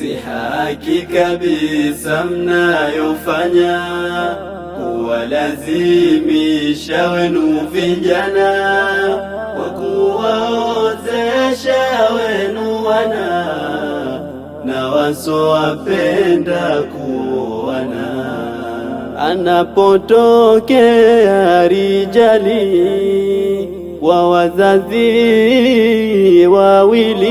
Si kabisa mnayofanya kuwalazimisha wenu vijana kwa kuwaozesha wenu wana na wasowapenda kuoana anapotokea rijali wa wazazi wawili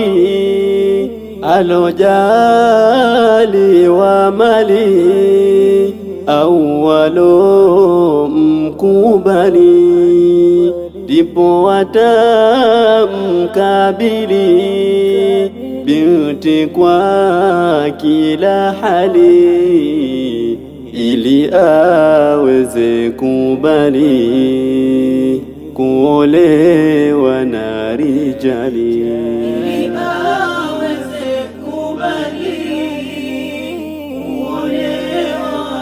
alojali wa mali au mkubali, ndipo watamkabili binti kwa kila hali ili aweze kubali kuolewa na rijali, kuolewa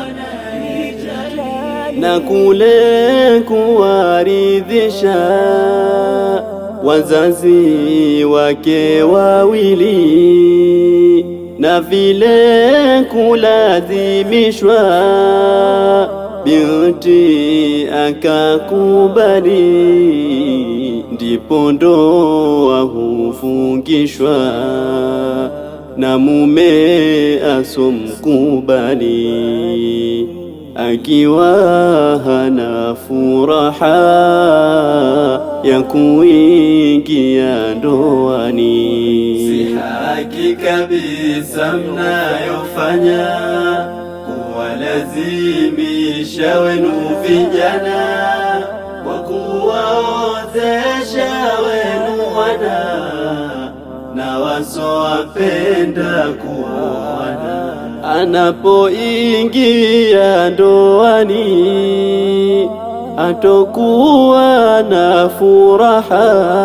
na rijali, na kule kuwaridhisha wazazi wake wawili na vile kulazimishwa, binti akakubali, ndipo ndoa hufungishwa, na mume asomkubali, akiwa hana furaha ya kuingia ndoani kabisa mnayofanya kuwalazimisha wenu vijana kwa kuwaozesha wenu wana na wasowapenda kuoana, anapoingia ndoani atokuwa na furaha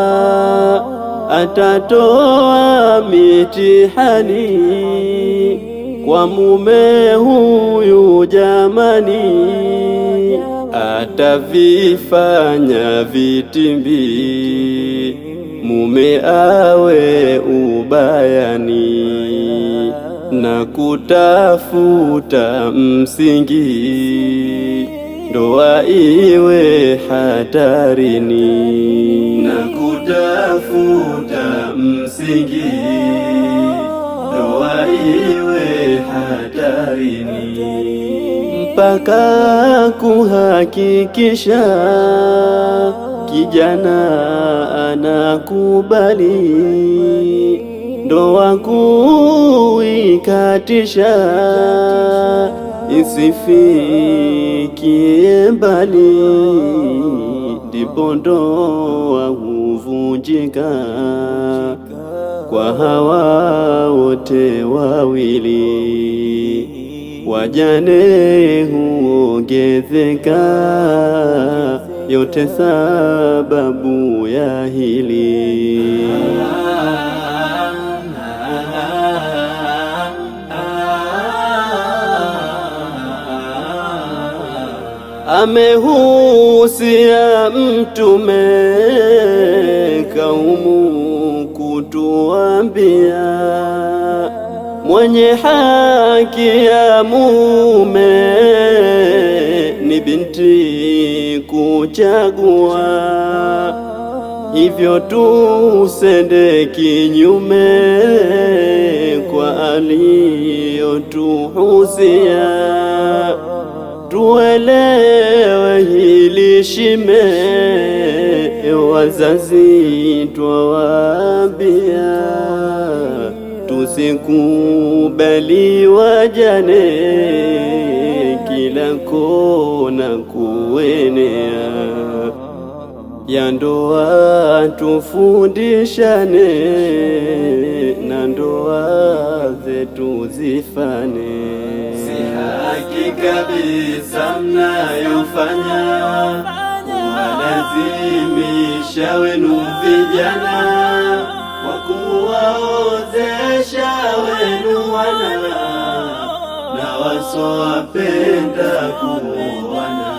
atatoa mitihani kwa mume huyu jamani, atavifanya vitimbi mume awe ubayani na kutafuta msingi ndoa iwe hatarini, na kutafuta msingi ndoa iwe hatarini, mpaka kuhakikisha kijana anakubali ndoa kuikatisha isifikie mbali, ndipo ndoa huvunjika kwa hawa wote wawili, wajane huongezeka, yote sababu ya hili. amehusia mtume kaumu kutuambia, mwenye haki ya mume ni binti kuchagua, hivyo tusende kinyume kwa aliyotuhusia tuelewe hili shime, wazazi twawaambia, tusikubali wajane kila kona kuenea, ya ndoa tufundishane na ndoa zetu zifane. Si haki kabisa mnayofanya kuwalazimisha wenu vijana wa kuwaozesha wenu wana na wasowapenda kuoana